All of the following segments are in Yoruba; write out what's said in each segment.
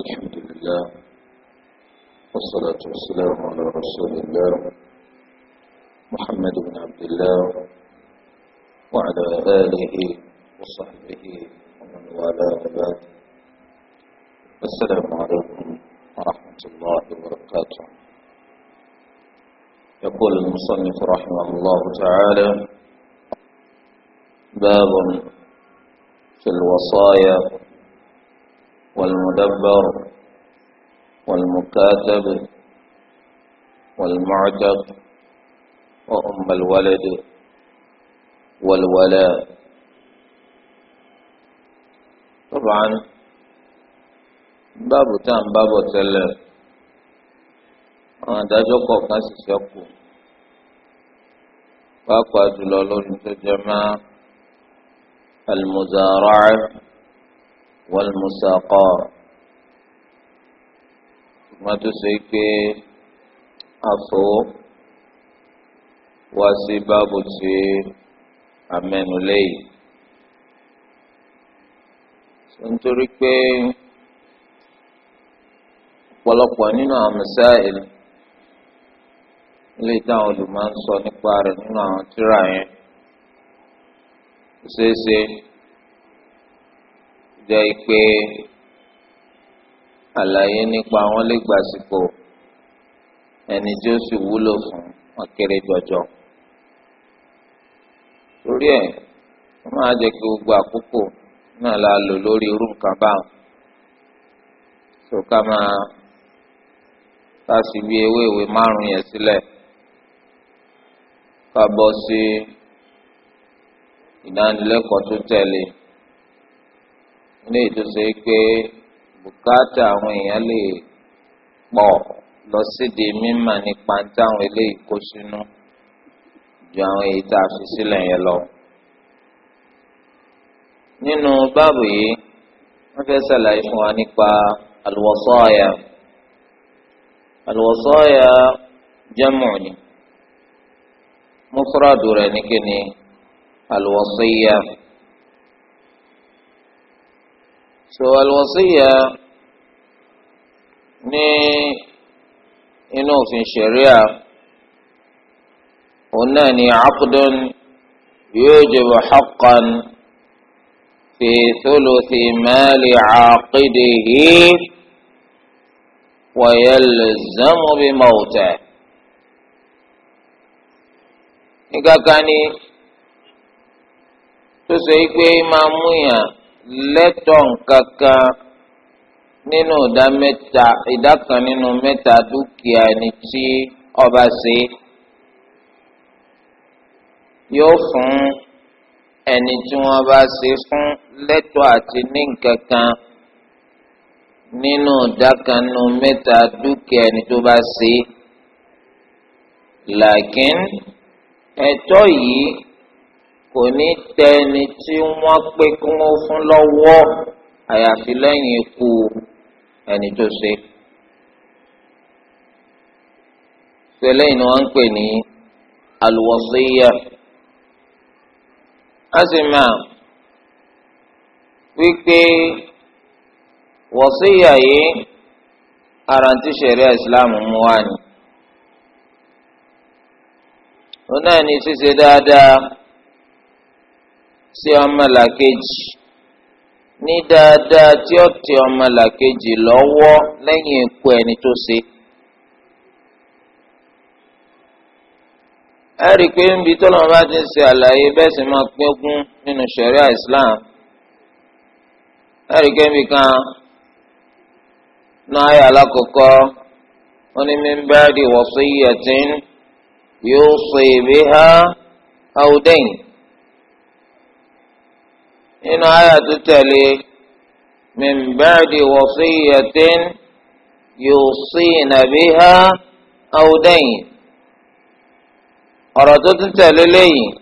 الحمد لله والصلاة والسلام على رسول الله محمد بن عبد الله وعلى آله وصحبه ومن والاه بعد السلام عليكم ورحمة الله وبركاته يقول المصنف رحمه الله تعالى باب في الوصايا والمدبر والمكاتب والمعتق وأم الولد والولاء طبعا باب تام باب تلف àwọn adájọ́ kọ̀ọ̀kan sì ṣẹ́kù pàápàá jùlọ lónìí wàlmùsàkọ́ ما tún ṣe pé àfọ́ wá sí báàbò tí amẹ́nulé yìí. nítorí pé ọ̀pọ̀lọpọ̀ nínú àwọn mẹ́sáìlì ilé táwọn olùmọ̀ ń sọ nípa rẹ̀ nínú àwọn tírà yẹn ṣeéṣe jẹ́ pé àlàyé nípa wọn lè gbàsìkò ẹni tí ó sì wúlò fún wọn kéré jọjọ. torí ẹ̀ wọ́n máa jẹ́ kí gbogbo àkókò náà la lò lórí irú nǹkan báwọn. tó ká máa ká sì wí ewé ìwé márùn-ún yẹn sílẹ̀ ká bọ́ sí ìdánilẹ́kọ̀ọ́ tó tẹ̀lé. ilé ìtúsẹ̀ pé bùkátà àwọn èèyàn lè pọ̀ lọ síde mímọ̀ nípa táwọn eléyìí kó sínú ju àwọn èyí tá a fi sílẹ̀ yẹn lọ. nínú báàbù yìí wọ́n fẹ́ ṣàlàyé fún wa nípa àlùwọ̀sọ́ọ̀yà àlùwọ̀sọ́ọ̀yà ni mufradu سو الوصية ني إنو في الشريعة هناني عقد يوجب حقا في ثلث مال عاقده ويلزم بموته إذا كان ما مياه lẹ́tọ̀ nǹkankan nínú ìdá mẹ́ta ìdá kan nínú mẹ́ta dúkìá ẹni tí ọba ṣe yóò fún ẹni tí wọ́n bá ṣe fún lẹ́tọ̀ àti ní nǹkankan nínú ìdá kan nínú mẹ́ta dúkìá ẹni tó bá ṣe làákín ẹ̀tọ́ yìí kò ní tẹ ẹni tí wọ́n pé kí wọ́n fún lọ́wọ́ àyàfi lẹ́yìn ikú ẹni tó ṣe. sẹlẹ̀ ni wọ́n ń pè ní alùwọ̀síyà. a sì máa wípé wọ̀síyà yìí àrántí ṣẹ̀ríà ìsìláàmù mú wá ni. ó náà ní ṣíṣe dáadáa sí ọmọlàkejì ní dáadáa tí ó tẹ ọmọlàkejì lọ́wọ́ lẹ́yìn ikú ẹni tó ṣe. ẹ rí i pé níbi tó lọ́wọ́ bá ti ń ṣe àlàyé bẹ́ẹ̀ sì máa pín nínú ṣẹ̀ríà Islam ẹ rí i pé níbi kan náà ayọ̀ alákọ̀ọ́kọ́ wọn ni min ba'di wasiyyatin yusi biha aw dayn nínú àyà tó tẹ̀lé min ba'di wasiyatin yusina biha aw dayn ọ̀rọ̀ tó tún tẹ̀lé lẹ́yìn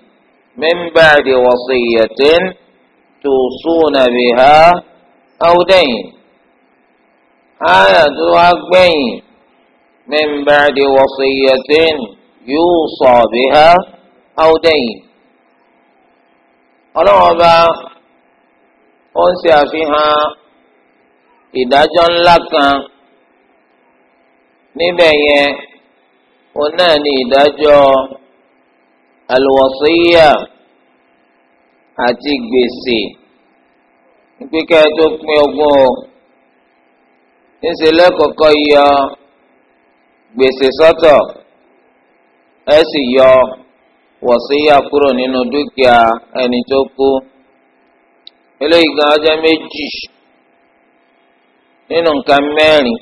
min ba'di wasiyatin tusuna biha aw dayn àyà tó wá gbẹ̀yìn min ba'di wasiyatin yusa biha aw dayn ọlọ́wọ́n bá. ó ń ṣe àfihàn ìdájọ́ ńlá kan níbẹ̀ yẹn òun náà ni ìdájọ́ àti gbèsè ìpínkẹ́ tó pín ogún o ńṣe lẹ́kọ̀ọ́kọ́ yọ gbèsè sọ́tọ̀ ẹ sì yọ wọ̀síyà kúrò nínú dúkìá ẹni tó eléyìí gan ọjọ́ méjì nínú nǹkan mẹ́rin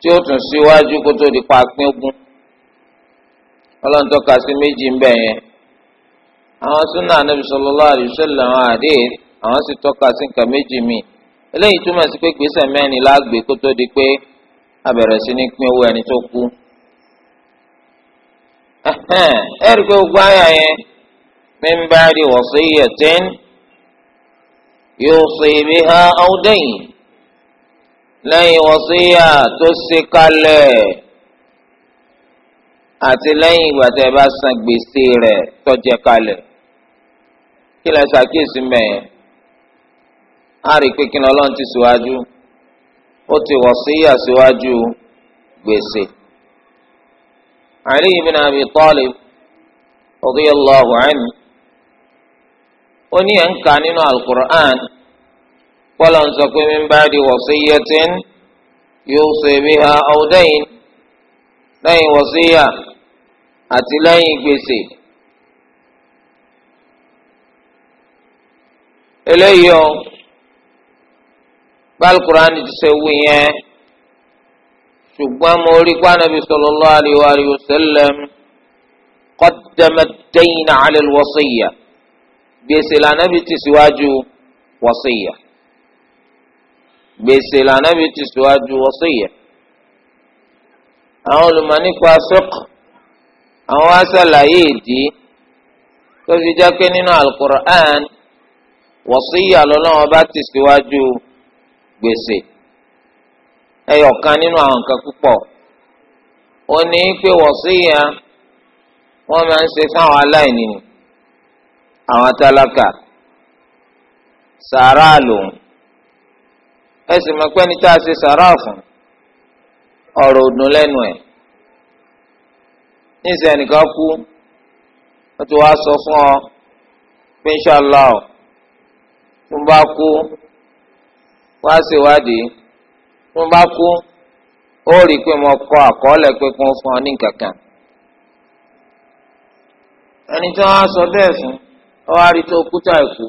tí ó tún síwájú kó tó di pa pín ogún ọlọ́run tọ́ka sí méjì ń bẹ̀ yẹn àwọn súnà anábì sallallahu alaihi àwọn àdé àwọn sì tọ́ka sí nǹkan méjì míì eléyìí túmọ̀ sí pé gbèsè mẹ́rin lágbè kó tó di pé a sí ní pín owó ẹni tó kú ẹ̀rí pé àyà yẹn yusi biha aw dayn lẹ́yìn wọ́síyà tó ṣe kalẹ̀ àti lẹ́yìn ìgbà tẹ́ bá san gbèsè rẹ̀ tó kalẹ̀ kí lẹ ṣàkíyèsí mẹ́yẹn á rí i pé ọlọ́run ti síwájú ó ti wọ́síyà gbèsè. oní ẹ̀ ń kà nínú alukur'an kọ́lọ̀ ń sọ pé min ba'di wasiyyatin yusi biha aw dayn lẹ́yìn wọ́síyà àti lẹ́yìn gbèsè. eléyìí o bálùkùránì ti ṣe wu yẹn ṣùgbọ́n mo rí pàànàbí sallallahu alaihi wa sallam qaddama ad-dayn alẹ́ al-wasiyya. gbèsè lànàbí ti síwájú wọ́síyà gbèsè lànàbí ti síwájú wọ́síyà àwọn olùmọ̀ nípa sọ́kù àwọn wá sàlàyé ìdí tó fi jẹ́ pé nínú alukur'an wọ́síyà lọ́lọ́wọ́ bá ti síwájú gbèsè ẹyọ̀kan nínú àwọn nǹkan púpọ̀ ó pé wọ́síyà wọ́n máa ń ṣe fáwọn aláìní ni àwọn tálákà sàárà lòun ẹ sì mọ̀ pé ní tá a ṣe sàárà fún ọ̀rọ̀ òdùn lẹ́nu ẹ̀ níṣẹ́ nìkan kú wọ́n ti wá sọ fún ọ pé inṣàlá ọ̀ tó bá kú wá ṣèwádìí tó bá kú ó rí i pé mo kọ àkọọ́lẹ̀ pé fún ọ ní kankan ẹni tí wọ́n á sọ bẹ́ẹ̀ fún ọwọ́ àrí tó kúta ẹ̀kú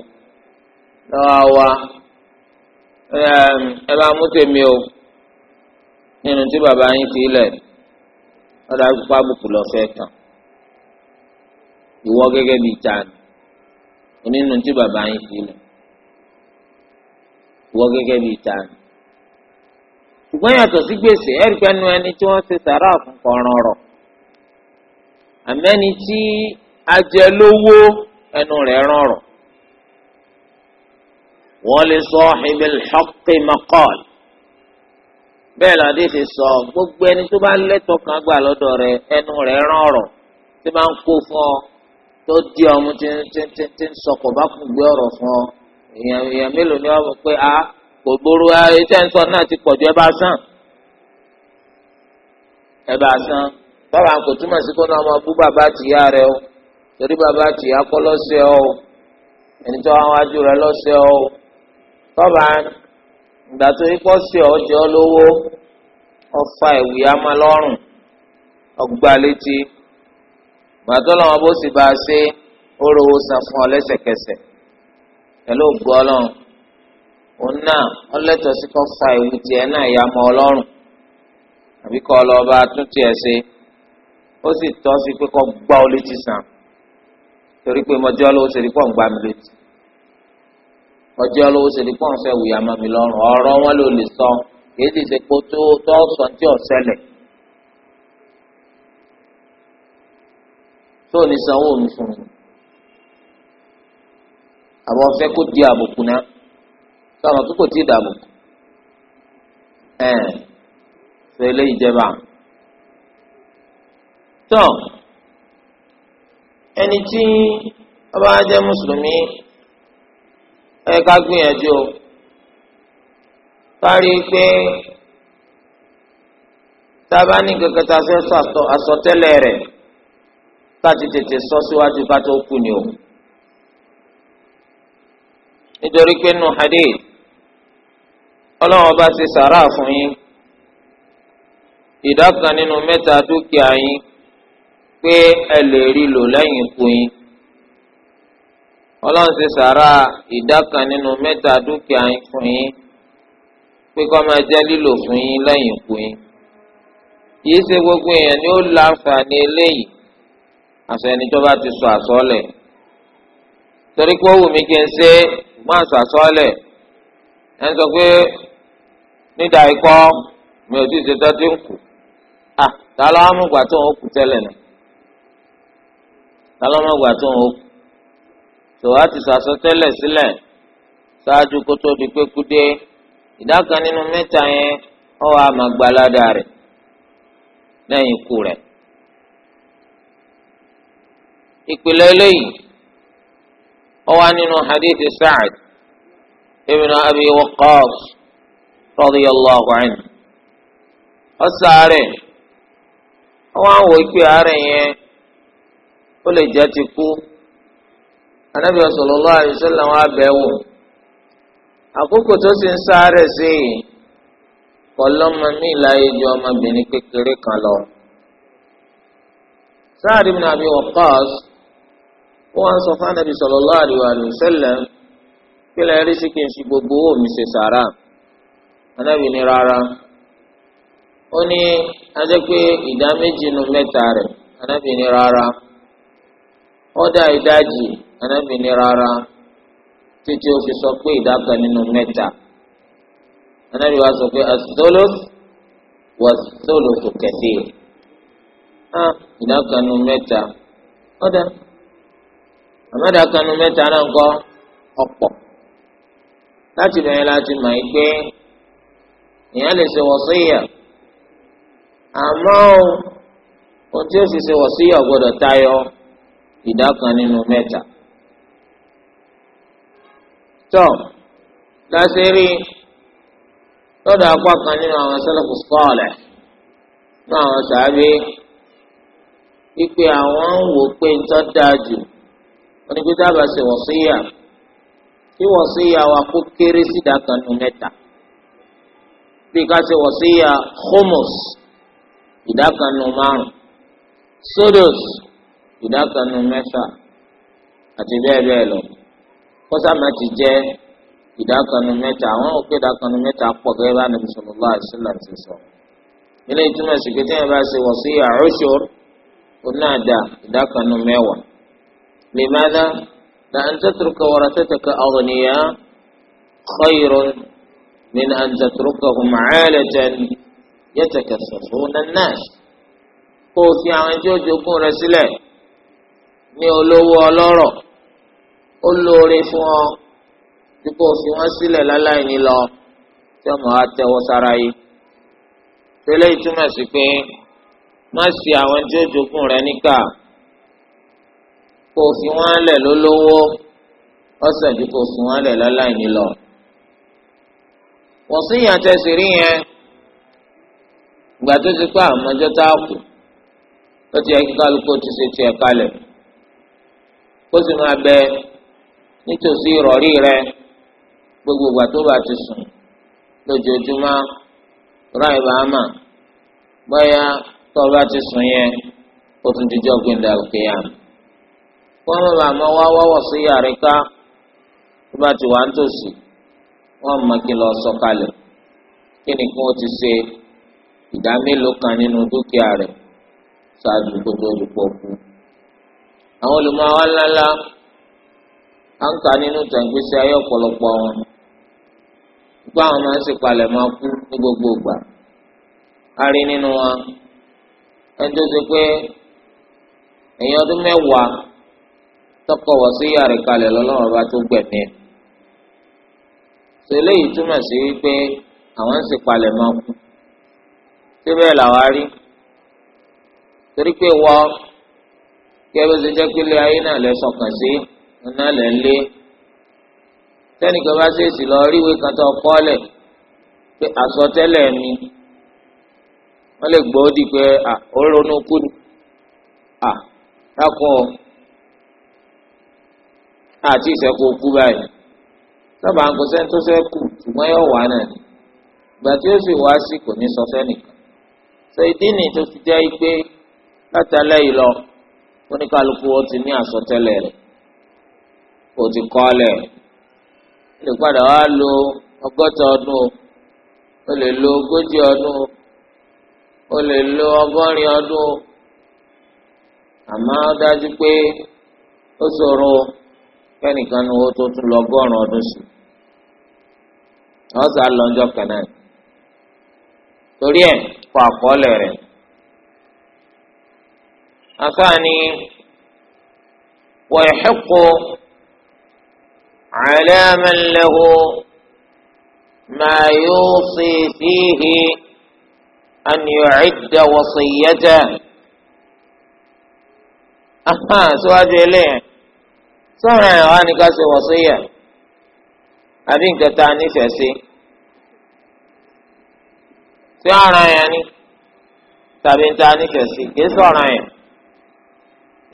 lọ́wọ́ wa ẹ bá mú tèmi o nínú tí bàbá yín ti lẹ̀ ọ̀dà pàbùkù lọ́fẹ́ tán ìwọ gẹ́gẹ́ bíi tani onínú tí bàbá yín ti lẹ̀ ìwọ gẹ́gẹ́ bíi tani ṣùgbọ́n yàtọ̀ sí gbèsè ẹ̀rí pẹ́nu ẹni tí wọ́n ṣe sàrà fún kọ̀ọ̀rọ̀ àmẹ́ni tí ajẹ́ lówó ẹnu rẹ̀ rọrùn. wọ́n lè sọ sahibil haqqi maqal. bẹ́ẹ̀ ládé ti sọ gbogbo ẹni tó bá lẹ́tọ̀ọ́ kan gbà lọ́dọ̀ rẹ̀ ẹnu rẹ̀ rọrùn tí máa ń kó fún ọ tó di ọmú tí ń sọkọ̀ bá kún gbé ọ̀rọ̀ fún ọ èèyàn mélòó ni wọ́n mọ̀ pé a ah, kò gbóró iṣẹ́ ah, ń sọ náà ti pọ̀jù ẹ bá sàn ẹ bá sàn báwa kò túmọ̀ sí kó náà ọmọ bú bàbá àtìyá rẹ o torí bàbá tìyà kọ́ lọ́sẹ̀ ọ́ ẹni tó àwọn ajú rẹ lọ́sẹ̀ ọ́ tọ́ba ìgbà tó yí kọ́ sí ọjọ́ lówó ọfà ìwì àmà lọ́rùn ọgbà létí màtọ́lọ́ wọn bó sì bá a ṣe ó rówó san fún ọ lẹ́sẹ̀kẹsẹ̀ pẹ̀lú ògbó ọlọ́run òun náà ọlẹ́tọ̀ọ́ sí kọ́ fa ìwì tiẹ̀ náà ìyá mọ́ ọlọ́run àbí kọ́ tún tiẹ̀ ṣe ó sì tọ́ sí pé kọ́ gbá ọ létí sàn torí pé mọjọ́ lówó ṣe lè pọ̀ ń gbá mi létí mọjọ́ lówó ṣe lè pọ̀ ń fẹ́ wùyà mọ́ mi lọ́rùn ọ̀rọ̀ wọn ló lè sọ kì í sì ṣe kó tó tó sọ tí ò ṣẹlẹ̀ tó ní sanwó mi fún mi àwọn fẹ́ kó di àbùkù náà sọ̀rọ̀ kíkò tí ì dàbùkù ẹ̀ ṣe eléyìí jẹba tó ẹni tí ọba jẹ́ mùsùlùmí ẹ ká gbìyànjú o kárí pé tábà ní kankan tá a fẹ́ sọ àsọtẹ́lẹ̀ rẹ̀ ká ti tètè sọ síwájú ká tó kú ni o nítorí pé nù hadith ọlọ́run ọba ti sàrà fún yín ìdá kan nínú mẹ́ta dúkìá yín pé ẹ lè rí lò lẹ́yìn ikú yín ọlọ́run ṣe sàrà ìdá kan nínú mẹ́ta dúkìá yín fún yín pé kó máa jẹ́ lílò fún yín lẹ́yìn ikú yín kìí ṣe gbogbo èèyàn ni ó láǹfààní eléyìí àṣẹ ẹni tó bá ti sọ àsọlẹ̀ torí pé ó wù mí kí n ṣe má sọ àsọlẹ̀ ń sọ pé nídàá ikọ́ mi ò tí ì ṣe tọ́tí ń kù à tá ló wá mú ìgbà tó ń kù tẹ́lẹ̀ náà. tálọ́mọ̀gbà tó ń hokù tó a ti sàsọtẹ́lẹ̀ sílẹ̀ ṣáájú kó tó di pé kúdé ìdá kan nínú mẹ́ta yẹn ó wà máa gbalada rẹ̀ lẹ́yìn ikú rẹ̀. ìpìlẹ̀ eléyìí ó wà nínú hadithi Sa'd ibn Abi Waqqas radiyallahu anhu wá ń àárẹ̀ yẹn. ó lè jẹ́ ti kú anabi sallallahu alaihi wasallam abẹ́wò àkókò tó sì ń sáré sí i kọlọ́mọ mi láyé ju ọmọbìnrin kékeré kan lọ. Sa'd ibn Abi Waqqas wọ́n sọ fún anabi sallallahu alaihi kí lè gbogbo owó mi ṣe sàrà anabi ní rárá ó ní ajẹ́ pé ìdá méjì nu anabi ó dá ìdajì ànábì ní rárá títí ó fi sọ pé ìdá kan nínú mẹ́ta ànábì wa sọ pé as-sulus wa as-sulusu kathir ìdá kan nínú mẹ́ta ó dá àmọ́ ìdá kan nínú mẹ́ta náà ń kọ́ ọ̀pọ̀ láti bẹ̀rẹ̀ láti mọ̀ yìí pé èèyàn lè ṣe wọ̀síyà àmọ́ ohun tí ó fi ṣe wọ̀síyà gbọ́dọ̀ tayọ ìdá kan nínú mẹ́ta. tọ́ lásìrí lọ́dọ̀ apá kan nínú àwọn sẹ́lẹ̀kù sọ́ọ̀lẹ̀ nínú àwọn sàábí wípé àwọn ń wò pé ń tọ́ dáa jù wọ́n ní pé dábàá ṣe wọ̀síyà tí wọ̀síyà wa kó kéré sí ìdá kan nínú mẹ́ta bí ká ṣe wọ̀síyà homos ìdá kan nínú márùn-ún sodos ìdákanu mẹ́fà àti bẹ́ẹ̀ bẹ́ẹ̀ lọ kọ́sàmà ti jẹ́ ìdákanu mẹ́ta àwọn òkè ìdákanu mẹ́ta pọ̀ gẹ́gẹ́ bá nàbì sallallahu alaihi wasallam ti sọ. ilé ìtumọ̀ sí pé téèyàn bá ṣe wọ̀ sí ushur onáàdá ìdákanu mẹ́wàá. limadha la an tatruka warathataka aghniya khayrun min an tatrukahum ní olówó ọlọ́rọ̀ ó lóore fún ọ tí kò fi wọ́n sílẹ̀ láláì ní lọ tí ọmọ wa tẹ́wọ́ sára yìí. tẹ́lẹ̀ ìtumọ̀ sí pé má ṣe àwọn tí ó jogún rẹ níkà kò fi wọ́n lẹ̀ lólówó ọ̀sẹ̀ tí kò fi wọ́n lẹ̀ láláì ní lọ. wọ́n sì yàn tẹ̀sí rí yẹn ìgbà ti pa àmọ́jọ́ tá a kù ó ti yẹ kí kálukú ti ṣe tiẹ̀ kalẹ̀. kó sì máa bẹ nítòsí ìrọ̀rí rẹ gbogbo ìgbà tó bá ti sùn lójoojúmọ́ ráì bàámà bóyá tó bá ti sùn yẹn ó tún ti jọ́ gbẹ̀ndà kéèyàn. wọ́n mọ̀ bá wá wọ́wọ́ sí yàrá ká tó bá ti wà nítòsí wọ́n mọ̀ kí lọ sọ̀kalẹ̀ kí ni kí ti ṣe ìdá àwọn olùmọ̀ àwọn ńláńlá à ń kà nínú tàǹgbèsè ayé ọ̀pọ̀lọpọ̀ wọn gbogbo àwọn máa ń ṣèpalẹ̀ máa kú ní gbogbo ìgbà a rí nínú wọn ẹni tó ṣe pé èèyàn ọdún mẹ́wàá tọkọ wọ sí yàrá lọ́lọ́run ọba tó gbẹ̀mí ẹ̀ yìí túmọ̀ sí wípé àwọn ń ṣèpalẹ̀ máa kú síbẹ̀ làwa rí torí pé wọ́n kẹ́bí ṣe jẹ́ pélé ayé náà lẹ sọ̀kàn sí iná lẹ ń lé tẹ́nìkan bá ṣèṣì lọ rí ìwé kan tó kọ́lẹ̀ pé àsọtẹ́lẹ̀ mi wọ́n lè gbọ́ di pé à ó ronú kú ni à dákun ọ àti ìṣẹ́kù kú báyìí sábà ń kó sẹ́ni tó fẹ́ kù ṣùgbọ́n yóò wá náà ni ìgbà tí ó sì wá sí kò ní sọ fẹ́nìkan ṣe ìdí nìyí tó fi jẹ́ pé látàlẹ́ yìí lọ. oníkálukú ó ti ní àsọtẹ́lẹ̀ rẹ kò ti kọ́lẹ̀ ó lè padà wá lo ọgọ́ta ọdún o lè lo ogójì ọdún o lè lo ọgọ́rin ọdún àmọ́ dájú pé ó ṣòro kẹ́nìkan ni owó tó tún lọ ọgọ́rùn-ún ọdún sí ọ̀sán lọ́jọ́ kan torí ẹ kọ àkọọ́lẹ̀ rẹ̀. afaani wàhíkù calaamalahu maayuusi fiihi an yucidda wasiyata aha síwájú eléyà sọ̀rọ̀ ẹ̀ wá ní ká ṣe wàsíyà àbí nǹkan tá a nífẹ̀ẹ́ sí sí ọ̀ràn yẹn ni tàbí nǹkan tá a nífẹ̀ẹ́ sí kì í sọ̀ràn yẹn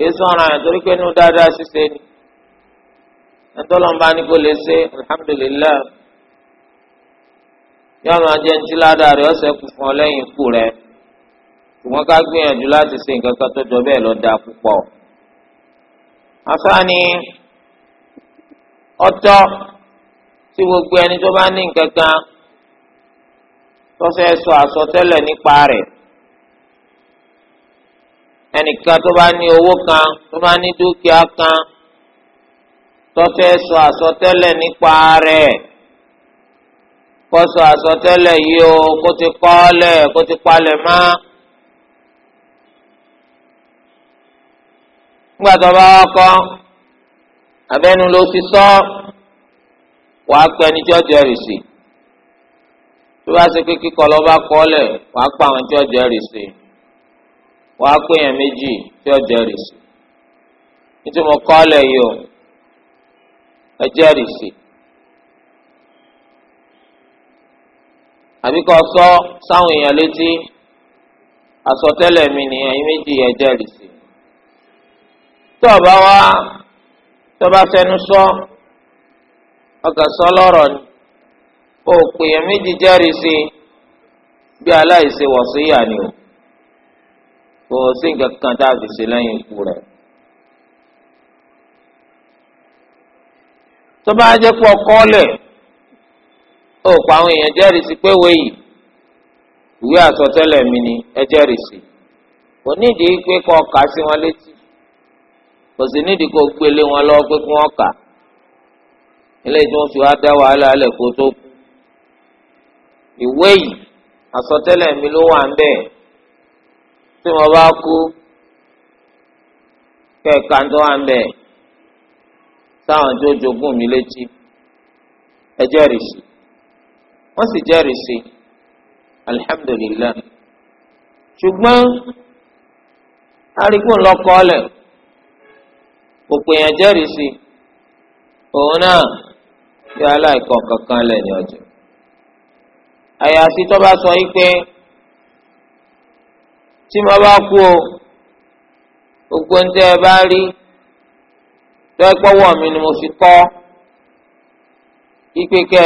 èso ọ̀ràn yẹn torí pé inú dáadáa ṣiṣẹ́ ni ẹ̀ńtọ́lọ́mbà ni kò lè ṣe alhamdulilayi yọ ọ̀nà jẹ́ ntí ládàá rẹ̀ ọ̀sẹ̀ kù fún ọ lẹ́yìn ikú rẹ̀ ṣùgbọ́n ká gbìyànjú láti ṣe nǹkan kan tó jọ bẹ́ẹ̀ lọ dáa púpọ̀ afaani ọ̀tọ̀ tí gbogbo ẹni tó bá ní nǹkan kan tó fẹ́ sọ àsọtẹ́lẹ̀ nípa rẹ̀ ẹnìkan tó bá ní owó kan tó bá ní dúkìá kan tó fẹ́ sọ àsọtẹ́lẹ̀ nípa rẹ̀ kó sọ àsọtẹ́lẹ̀ yìí o kó ti kọ́lẹ̀ kó ti palẹ̀ mọ́. nígbà tó bá kọ́ abẹ́nu ló ti sọ wàá pẹ́ ní jọ́jọ́ rì sí tó bá ṣe pé kíkọ́ lọ́ba kọ́lẹ̀ wàá pa àwọn jọ́jọ́ rì sí wàá pé èèyàn méjì tí ó jẹ́rìí sí nítorí mo kọ́ ọ́lẹ̀ yìí o ẹ jẹ́rìí sí àbí kọ́ sọ sáwọn èèyàn létí àsọtẹ́lẹ̀ mi nìyẹn yìí méjì ẹ sí tó o bá wá tó o bá fẹnu sọ ọkàn sọ lọ́rọ̀ ni o pè é méjì jẹ́rìí sí bí aláìsè wọ̀ sí yà ni o kò sí nǹkan kan tá a fi ṣe lẹ́yìn ikú rẹ̀. tó bá jẹ́ pé ọkọ́ lẹ̀ ó pa àwọn èèyàn jẹ́rìí sí pé wéyìí ìwé àsọtẹ́lẹ̀ mi ni ẹ jẹ́rìí sí kò nídìí pé kó kà sí wọn létí kò sì nídìí kó gbélé wọn lọ pé kí wọ́n kà ilé tí wọ́n fi wá dá wàhálà alẹ́ kó tó kú ìwé yìí àsọtẹ́lẹ̀ mi ló wà ń bẹ́ẹ̀ tí wọ́n bá kú kẹ̀ka tó wà ń bẹ̀ sáwọn tó jogún mi létí ẹ jẹ́rìí sí wọ́n sì jẹ́rìí sí alihamudulilayi ṣùgbọ́n arikun lọ́kọ́ọ́lẹ̀ òpè yẹn jẹ́rìí sí òun náà bí aláìkọ̀ kankan lẹ̀ ní ọjọ́ àyàfi tó bá sọ yìí pé tí mo bá kú o gbogbo ń tẹ́ ẹ bá rí lọ́pọ̀wọ́ mi ni mo fi kọ́ ipe kẹ́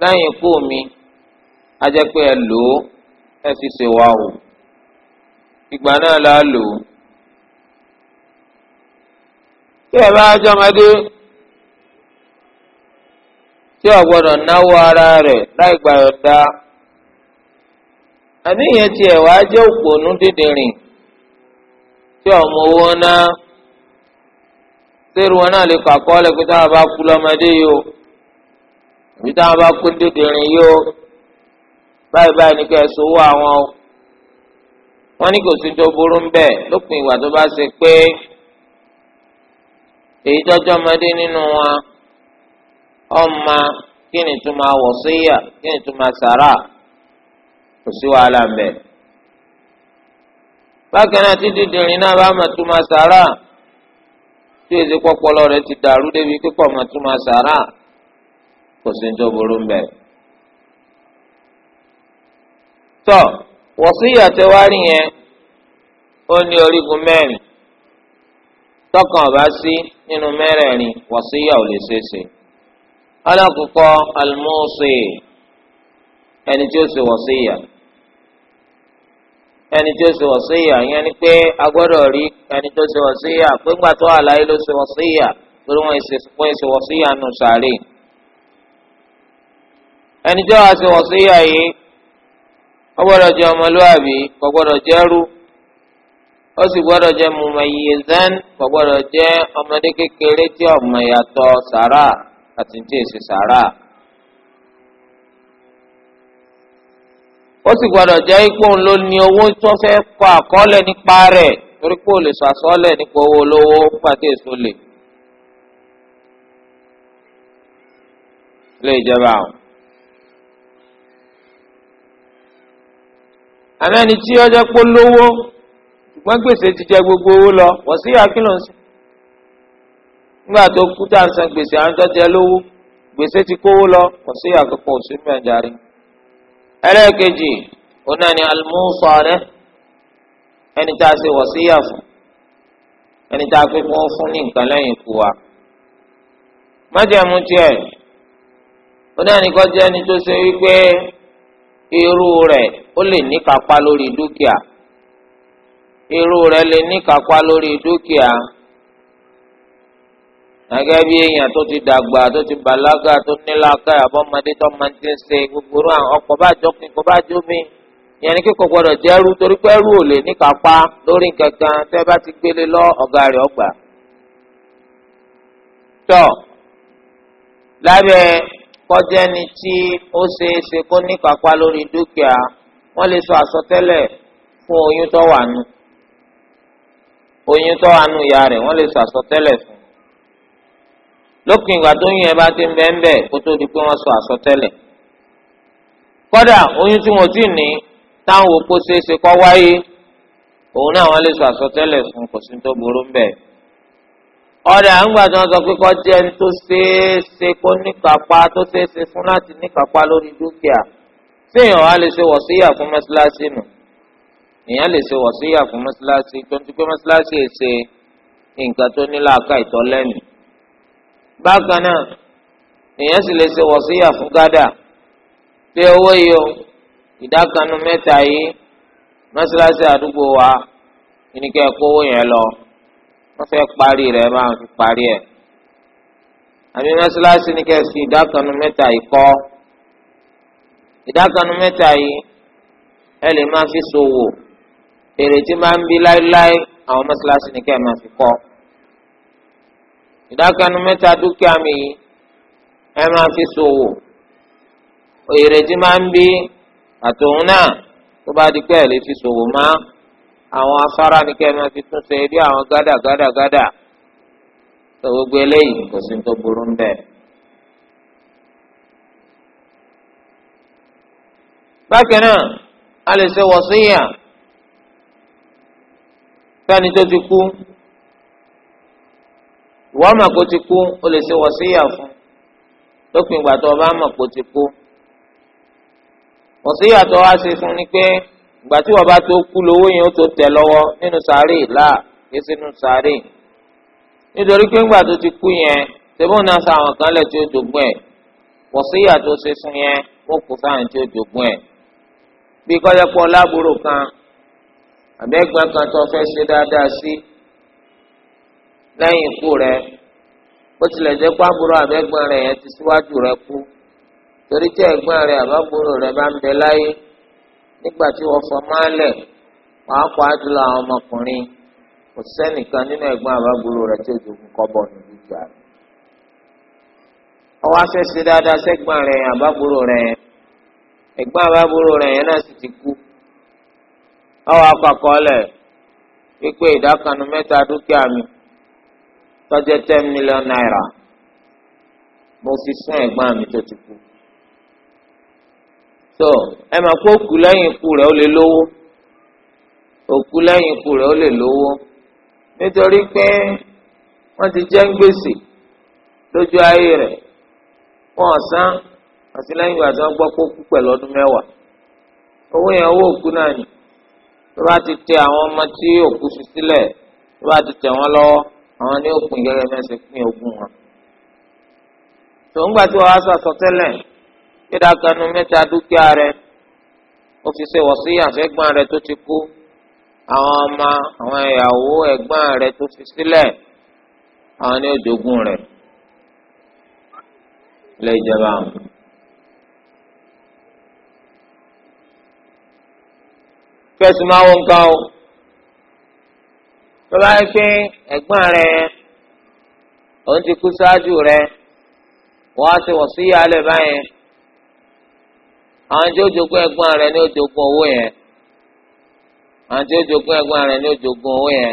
lẹ́yìn ikú mi a pé ẹ lò ó ẹ fi ṣe wá o ìgbà náà la lò ó tí ẹ bá jọmọdé tí ò gbọ́dọ̀ náwó ara rẹ̀ láì gbàyọ̀dá àníyàn ti ẹ̀ wá jẹ́ òpònú dídìrín tí ọmọ owó náà sẹ́rù wọn náà lè kọ́ àkọọ́lẹ̀ pé táwọn bá kú lọ́mọdé yìí o àbí táwọn bá kú dídìrín yìí o báyìí báyìí ni kẹ́ ẹ sọ́wọ́ àwọn o wọ́n ní kò sí tó burú ń bẹ̀ lópin ìgbà tó bá ṣe pé èyí tọ́jọ́ ọmọdé nínú wọn ọmọ kí ni tó máa wọ̀ síyà kí ni tó máa sàrà kò sí wàhálà mbẹ. bákan náà tí dídìrín náà bá máa tún máa sàárà tí èsì pọpọlọ rẹ ti dàrú débi pípọ̀ máa tún máa sàárà kò sí ní tó burú mbẹ. tọ́ wọ̀síyà tẹ́wárí yẹn ó ní orígun mẹ́rin tọkàn ọba sí nínú mẹ́rẹ̀ẹ̀rin wọ̀síyà ò lè ṣeéṣe. alákòókò almusi ẹni tí ó ṣe wọ̀síyà ẹni tó ṣe wọ̀síyà yẹn ni pé a gbọ́dọ̀ rí ẹni tó ṣe wọ̀síyà pé ńgbà tó wà láyé ló ṣe wọ̀síyà torí wọ́n ṣe wọ̀síyà nù sàárè. ẹni tó wà ṣe wọ̀síyà yìí ó gbọ́dọ̀ jẹ́ ọmọlúwàbí kò gbọ́dọ̀ jẹ́rú ó sì gbọ́dọ̀ jẹ́ mùmọ̀yẹ́zán kò gbọ́dọ̀ jẹ́ ọmọdé kékeré tí ọmọ yàtọ̀ sàrà àti èsì sàrà. sì gbọdọ̀ jẹ́ ipò ńlọ ní owó tó fẹ́ kọ àkọọ́lẹ̀ nípa rẹ̀ torí pé o lè sọ àsọọ́lẹ̀ nípa owó olówó pàtó èso lè. ilé ìjọba àwọn. àmẹ́ni tí ọjọ́ pé lówó ṣùgbọ́n gbèsè ti jẹ gbogbo owó lọ wọ́n sí àkìlọ̀ ń sìn. nígbà tó kú tá à ń san gbèsè àwọn tó jẹ lówó gbèsè ti kówó lọ wọ́n sí àkókò òsínú ẹ̀járe. ẹlẹ́ẹ̀kejì ọ̀nà ni almusaleh ẹni tá a ṣe wọ̀síyà fún ẹni tá a pé fún fún ní nǹkan lẹ́yìn ikú wa. májẹ̀mú tiẹ̀ ọ̀nà ni kọjá ẹni tó ṣe wípé irú rẹ̀ ó lè níkapá lórí dúkìá irú rẹ̀ lè níkapá lórí gẹ́gẹ́ bí èèyàn tó ti dàgbà tó ti bàlágà tó níláka àbọ̀mọdé tó máa ti ṣe gbogbo rú bá jọkùn kó bá jómi ìyẹn ni kíkọ gbọdọ̀ jẹ́rú torí pé ẹrú ò lè níkàápá lórí kankan tẹ́ bá ti gbélé lọ ọ̀gá rẹ̀ ọgbà. tọ́ lábẹ́ kọjá ẹni tí ó ṣe é ṣe kó níkàápá lórí dúkìá wọ́n lè sọ àsọtẹ́lẹ̀ fún oyún tó wà nù oyún tó wà nù lópin ìgbà tó yún ẹ bá ti ń bẹ ń bẹ kó tó di pé wọ́n sọ àsọtẹ́lẹ̀ kódà oyún tí wọ́n ti ní táwọn òpó ṣeéṣe kó wáyé òun náà wọ́n lè sọ àsọtẹ́lẹ̀ fún kò sí tó burú ń bẹ ọdẹ à ń gbà tí wọ́n sọ pé kó jẹ́ ẹni tó ṣeéṣe kó níkàpá tó ṣeéṣe fún láti níkàpá lórí dúkìá séèyàn wá lè ṣe wọ̀síyà fún mọ́ṣáláṣí nù èèyàn lè ṣe wọ̀síyà fún mọ́ṣáláṣí tó ń ti pé mọ́ṣáláṣí èṣe nǹkan tó ní láàká ìtọ́lẹ́nu bákan náà èèyàn sì lè ṣe wọ̀síyà fún gádà pé owó yìí o ìdákanu mẹ́ta yìí mọ́ṣáláṣí àdúgbò wa ìníkẹ́ kówó yẹn lọ wọ́n fẹ́ parí rẹ̀ máa fi parí ẹ̀ àbí mọ́ṣáláṣí ní kẹ́ sí ìdákanu mẹ́ta yìí kọ́ ìdákanu mẹ́ta yìí ẹ lè máa fi ṣòwò èrè tí máa ń bí láéláé àwọn mọ́ṣáláṣí ní kẹ́ máa fi kọ́. ìdákanu mẹ́ta dúkìá mi ẹ máa fi ṣòwò òyèrè máa ń bí àtòun náà tó bá di pé lè fi ṣòwò má àwọn afárá ni kẹ́ ẹ máa fi tún ṣe bí àwọn gádà gádà gádà tó gbogbo eléyìí kò sí tó burú ń bákan náà a lè ṣe sani tó ti kú. ìwọ ọmọ kò ti kú o lè ṣe wọ̀síyà fún lópin ìgbà tó o bá mọ̀ kò ti kú wọ̀síyà tó wá ṣe fún ni pé ìgbà tí wọ́n bá tó kú lówó yẹn ó tó tẹ̀ lọ́wọ́ nínú sàárè láà kí sínú sàárè nítorí pé ńgbà tó ti kú yẹn tẹ̀bọ́n náà sa àwọn kan lẹ̀ tí ó jogún ẹ̀ wọ̀síyà tó ṣe fún yẹn wọ́n kú sáwọn tí ó jogún ẹ̀ bí kọ́jà pọ̀ lẹ́yìn ikú rẹ bó tilẹ̀ jẹ́ pàbúrò àbẹ́gbọ́n rẹ̀ yẹn ti síwájú rẹ̀ kú torí tí ẹ̀gbọ́n rẹ̀ àbábúrò rẹ̀ bá ń bẹ láyé nígbà tí wọ́n fọ máàlẹ̀ pàápàá jùlọ àwọn ọmọkùnrin kò sẹ́nìkan nínú ẹ̀gbọ́n àbábúrò tí kọ́bọ̀ ọwọ́ dáadáa sẹ́gbọ́n ẹ̀gbọ́n yẹn tọ́jọ́ ten million naira mo fi sún ẹ̀gbọ́n mi tó ti kú so ẹ máa kó òkú lẹ́yìn ikú rẹ̀ ó lè lówó òkú lẹ́yìn ikú rẹ̀ ó lè lówó nítorí pé wọ́n ti jẹ́ gbèsè lójú ayé rẹ̀ wọ́n ọ̀sán àti lẹ́yìn ìgbà tí wọ́n gbọ́ pé kú pẹ̀lú ọdún mẹ́wàá owó yẹn owó òkú náà ni tó bá ti tẹ àwọn ọmọ tí òkú fi sílẹ̀ tó bá ti tẹ wọ́n lọ́wọ́ àwọn ní òpin gẹ́gẹ́ bẹ́ẹ̀ ṣe pín ogún wọn. tòǹgbà tí wàá sàsọ tẹ́lẹ̀ gbéra kanu mẹ́ta dúkìá rẹ̀ ó fi ṣe wọ̀ sí àfẹ́gbọ́n rẹ̀ tó ti kú àwọn ọmọ àwọn ìyàwó ẹ̀gbọ́n rẹ̀ tó fi sílẹ̀ àwọn ní òjògùn rẹ̀ lè jẹba àwọn. máa wọ nǹkan o. tó bá yẹ pé ẹ̀gbọ́n rẹ ti kú rẹ wọ́n á ti wọ̀ sí ìyáálé báyẹn àwọn tí ó jogún rẹ ni ó owó yẹn àwọn tí ó jogún rẹ ni ó owó yẹn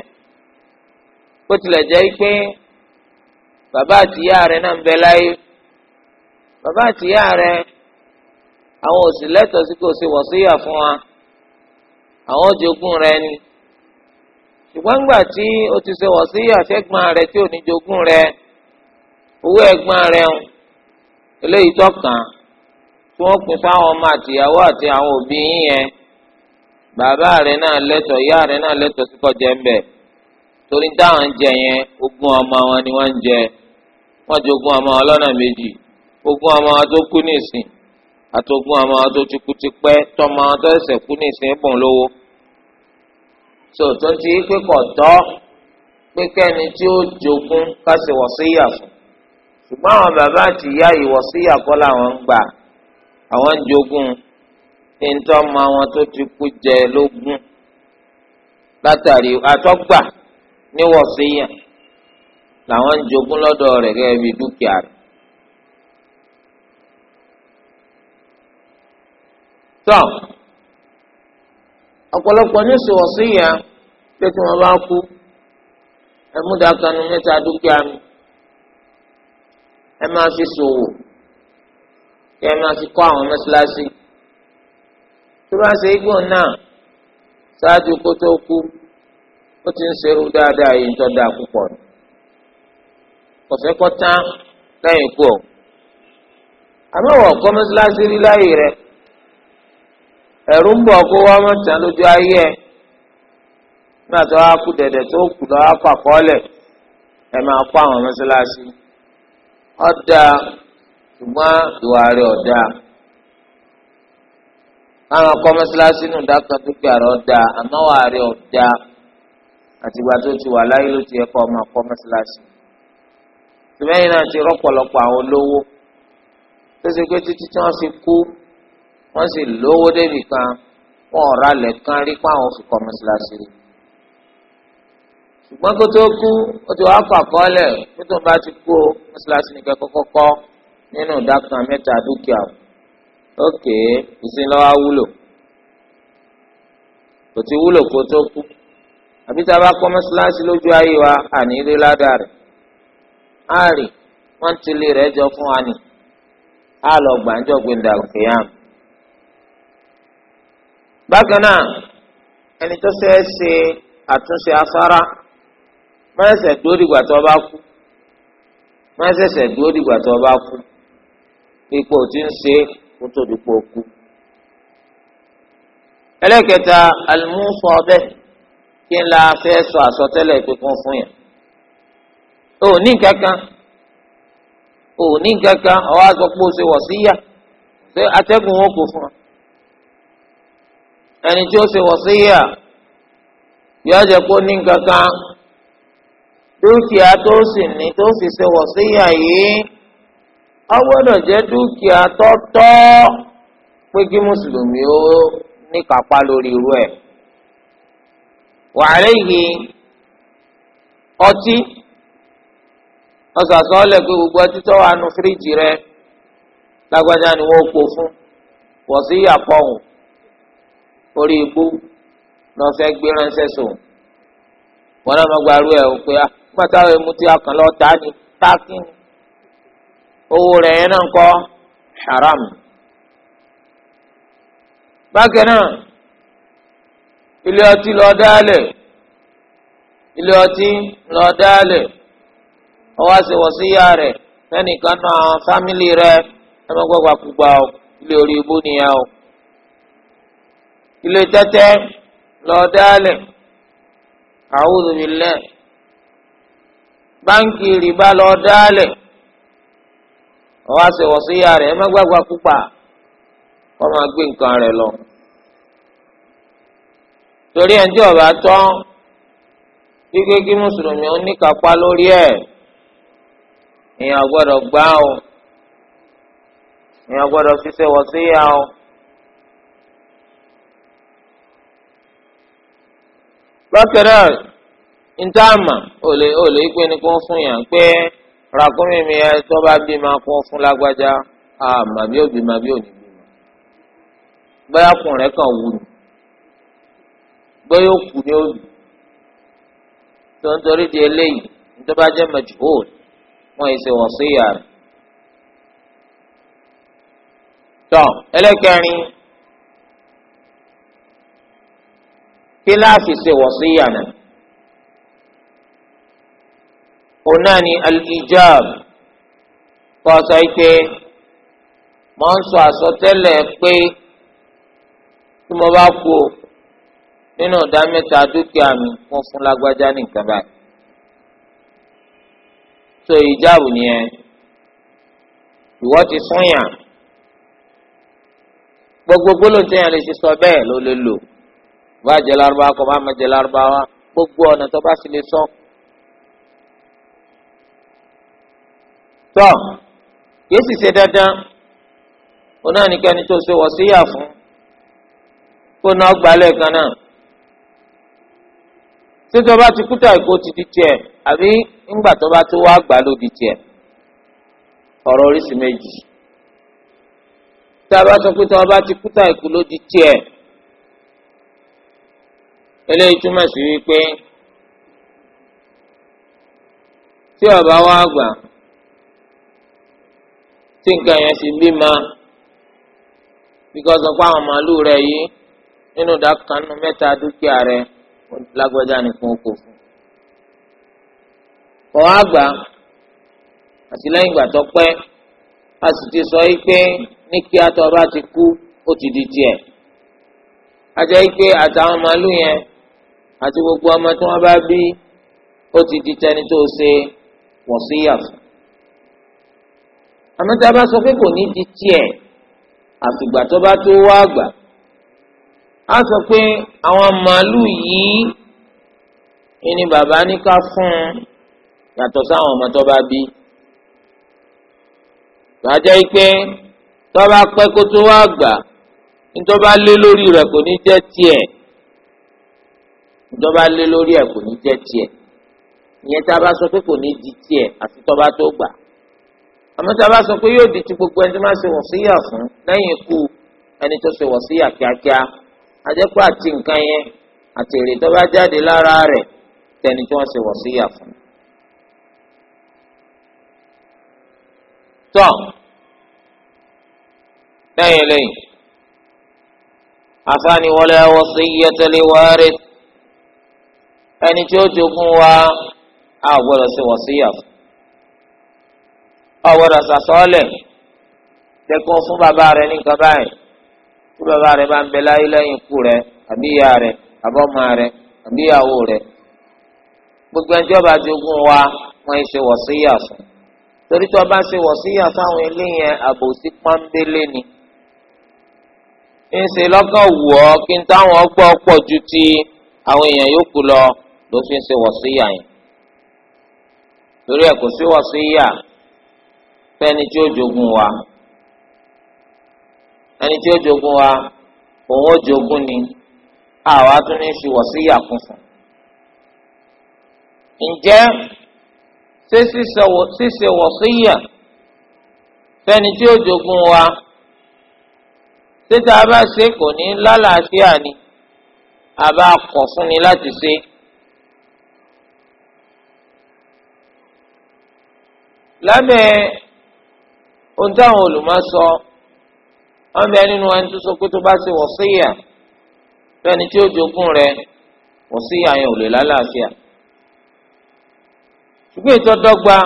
bó tilẹ̀ jẹ́ pé bàbá àtìyá rẹ náà ń bẹ láyé bàbá àtìyá rẹ àwọn òsì lẹ́tọ̀ọ́ sí kò sí fún wa àwọn rẹ ni. ṣùgbọ́n ńgbà tí o ti ṣe wọ̀ sí àṣẹ́gbọ́n rẹ tí ò ní jogún rẹ owó ẹ̀gbọ́n rẹ ń eléyìí tọkàn tí wọ́n pín sáwọn ọmọ àtìyàwó àti àwọn òbí yín yẹn bàbá rẹ náà lẹ́tọ̀ọ́ ìyá rẹ náà lẹ́tọ̀ọ́ sí kọjá ń bẹ̀ torí táwọn ń jẹ yẹn ogún ọmọ wọn ni wọ́n ń jẹ wọ́n jogún ọmọ wọn lọ́nà méjì ogún ọmọ wọn tó kú nísìn àtogún ọmọ wọn tó ti kú ti pẹ́ tọmọ wọn tó ẹsẹ̀ kú nísìn bùn lówó so tó ń ti pé kò tọ́ pé kẹ́ni tí ó jogún kásì wọ̀síyà fún ṣùgbọ́n àwọn bàbá àti ìyá ìwọ̀síyà kọ́ làwọn ń gbà àwọn ń jogún kí n tọ́ ma wọn tó ti kú jẹ lógún látàrí àtọ́gbà ní wọ̀síyà làwọn ń jogún lọ́dọ̀ rẹ̀ gẹ́gẹ́ bí dúkìá rẹ̀. tọ́ ọ̀pọ̀lọpọ̀ ní sọ̀wọ́ sí ìyá pé tí wọ́n bá kú ẹ̀múdàkanu mẹ́ta dúkìá mi ẹ máa fi ṣòwò kí ẹ máa fi kọ́ àwọn mẹ́sàlásì tí wọ́n ṣe igbó náà ṣáájú kó tó kú ó ti ń ṣerú dáadáa yìí ń tọ́ da púpọ̀ kọ̀fẹ́ kọ́ tán lẹ́yìn kú ọ̀ àmọ́ wọ̀ kọ́ mẹ́sàlásì rí láyé rẹ̀. ẹ̀rù ń bọ̀ kó wá má tán lójú ayé ẹ̀ nígbà tó wá kú dẹ̀dẹ̀ tó kù lọ́wọ́ máa kó àwọn mọ́ṣáláṣí ọ̀dà ṣùgbọ́n ìwà rẹ̀ ọ̀dà mọ́ṣáláṣí nù dákan rẹ̀ ọ̀dà rẹ̀ ọ̀dà àtìgbà tó ti wà láyé ló ti yẹ kọ́ ọmọ akọ́ mọ́ṣáláṣí ṣùgbọ́n yìí náà ti rọ́pọ̀lọpọ̀ àwọn olówó ṣe pé títí tí wọ́n fi wọ́n sì lówó débì kan wọ́n ọ̀rá lẹ̀ kan rí páwọn fi kọ́ mọ́ṣáláṣí rí ṣùgbọ́n kó tó kú ó ti wá kọ́ àkọọ́lẹ̀ kó tó ń bá ti kú mọ́ṣáláṣí nìkan kọ́kọ́ kọ́ nínú ìdá kan mẹ́ta dúkìá òkè ìsinlọ́wọ́ wúlò kò ti wúlò kó tó kú àbí tá a bá kọ́ mọ́ṣáláṣí lójú ayé wa àní ládàá rẹ̀ á rì wọ́n ti lè rẹ̀ jọ fún wa nì á lọ gbàǹjọ́ gbẹ̀ndà òkè bákan náà ẹni tó ṣe é ṣe àtúnṣe afárá mọ́ẹ́sẹ̀ dúró dìgbà tó bá kú mọ́ẹ́sẹ̀sẹ̀ dúró dìgbà tó bá kú ipò tí ń ṣe kó tó dìpò kú. ẹlẹ́kẹta àlùmúsọ ọbẹ̀ kí n la fẹ́ sọ àsọtẹ́lẹ̀ pípọ́n fún yẹn. o ní kankan o ní kankan ọwọ́ àgbọ̀pọ̀ ṣe wọ̀ síyà ṣé atẹ́gùn wọn kò fún ọ. ẹni tí ó ṣe wọ̀síyà yóò jẹ́ kó ní kankan dúkìá tó sì ní tó sì ṣe yìí ó jẹ́ dúkìá tọ́tọ́ pé kí mùsùlùmí ó níkàpá lórí irú ẹ̀. wàhálà yìí ọtí wọ́n pé gbogbo ọtí fíríjì lágbájá ni kó fún orí igbó lọ́sẹ̀ gbé ránṣẹ́ so, wọn náà máa gbarú ẹ̀ pé pátá ah, emu tí a kàn lọ tá ní táàkì owó rẹ̀ yẹn náà kọ haram. náà ilé ọtí lọ dálẹ̀ ilé ọtí lọ dálẹ̀ ọwọ́ rẹ̀ fẹ́nìkan náà fámìlì rẹ̀ gbọ́ gbàkúgbà ilé orí o. ilé tẹ́tẹ́ lọ́ọ́ dálẹ̀ a'udhu billahi báńkì rìbá lọ́ọ́ dálẹ̀ ọwọ́ àṣẹ wọ̀síyà rẹ̀ ẹ má gbàgbà púpà kọ́ máa gbé nǹkan rẹ̀ lọ. torí ẹ̀ ń tí ọ̀bà tán gbígbé kí mùsùlùmí ó ní kápá lórí ẹ̀ èèyàn gbọ́dọ̀ gbá o èèyàn gbọ́dọ̀ ṣiṣẹ́ wọ̀síyà o. bákan náà ntaama olè olè ikpe ni kò fún yàn pé ràkúnmí mi ẹ tó bá bí ma kó fún lágbájá àmà bí òbí ma bí òní bí ma bóyá kùn rẹ kàn wù ní bóyá òkú ni ó bì tó ń torí di eléyìí nítorí bá jẹ́ majhul wọn yìí ṣe wọ́n sí yàrá. tọ́ ẹlẹ́kẹrin. kí láàfin ṣe wọ̀síyà náà. ọ̀nà ni al-ijab kọ́ sọ pé mo ń sọ àsọtẹ́lẹ̀ pé tí mo bá kú nínú ìdá mẹ́ta dúkìá mi fún fún lágbájá ní báyìí. so ìjáàbù nìyẹn ìwọ ti fún yàn gbogbo gbólóhùn tí yàn lè ṣe sọ bẹ́ẹ̀ ló lè lò bá jẹ lárúbáwá kọ bá má jẹ lárúbáwá gbogbo ọ̀nà tó bá sì lè sọ. tọ́ kìí sì ṣe dandan òun náà nìkẹ́ni tó ṣe wọ̀síyà fún kó náà gbalẹ̀ kan náà títọ́ bá ti kúta ìkó ti di tiẹ̀ àbí ńgbà tó bá tó wá gbà ló di tiẹ̀ ọ̀rọ̀ oríṣi méjì tá a bá sọ ti kúta ìkó ló di tiẹ̀ eléyìí túmọ̀ sí wípé tí ọba wa gbà tí nǹkan yẹn sì bímọ bíkọ́sọ̀ pé àwọn màálù rẹ̀ yìí nínú ìdá kan nínú mẹ́ta dúkìá rẹ̀ lágbájá nìkan kò fún. kọ́ wa gbà àti lẹ́yìn ìgbà tó pẹ́ a sì ti sọ pé ní kí atọ́ bá ti kú ó ti di tiẹ̀. a jẹ́ pé àtàwọn màálù yẹn àti gbogbo ọmọ tí wọ́n bá bí ó ti di tẹni tó ṣe wọ̀síyà fún. àmọ́ tí a bá sọ pé kò ní di tiẹ̀ àfìgbà tó bá tó wá àgbà á sọ pé àwọn màálù yìí ni bàbá ní ká fún un yàtọ̀ sáwọn ọmọ tó bá bí. gbàjẹ́ pé tó bá pẹ́ kó tó wá àgbà ní tó bá lé lórí rẹ̀ kò ní jẹ́ tiẹ̀ ìjọba lé lórí ẹ̀ kò ní jẹ́ tiẹ̀ ìyẹn tá a bá sọ pé kò ní di tiẹ̀ àfi tọ́ba tó gbà àmọ́ tá a bá sọ pé yóò di ti gbogbo ẹni tó máa ṣe wọ̀síyà fún lẹ́yìn ikú ẹni tó ṣe wọ̀síyà kíákíá ajẹ́pọ̀ àti nǹkan yẹn àti èrè tó jáde lára rẹ̀ tẹni tí wọ́n ṣe wọ̀síyà fún. tọ́ lẹ́yìn lẹ́yìn àfáàní wala wasiyyata liwarith ẹni tí ó jogún wa a ò gbọdọ̀ ṣe wọ̀síyà fún ọ gbọdọ̀ sàsọ́ọ̀lẹ̀ tẹkọ fún bàbá rẹ ní nǹkan báyìí tí bàbá rẹ bá ń bẹ láyé lẹ́yìn ikú rẹ àbí ìyá rẹ àbọ̀mọ rẹ àbí ìyàwó rẹ gbogbo ẹjọ́ ọba jogún wa wọ́n ṣe wọ̀síyà fún torí tí wọ́n bá ṣe wọ̀síyà fáwọn eléyẹn àbòsí pọ́nbélé ni ń ṣe lọ́kàn wù ọ́ kí n táwọn ọgbọ́n pọ̀ ju ti àwọn èèyàn yòókù lọ ló fi ń ṣe wọ̀síyà yẹn torí ẹ̀ kò sí wọ̀síyà fẹ́ni tí ó jogun wa ẹni tí ó jogun wa òun ó jogun ni àwa tún ní fi wọ̀síyà kún fún ǹjẹ́ ṣé ṣíṣe wọ̀síyà fẹ́ni tí ó jogun wa títa bá ṣe kò ní lálàáfíà ni àbá kọ̀ fún ni láti ṣe. lábẹ́ ohun táwọn olùmọ̀ sọ wọn bẹ nínú ẹni tó sọ pé tó bá ṣe wọ̀síyà fẹ́ni tí ó jogún rẹ̀ wọ̀síyà yẹn ò lè lálàáfíà ṣùgbọ́n ìtọ́dọ́gba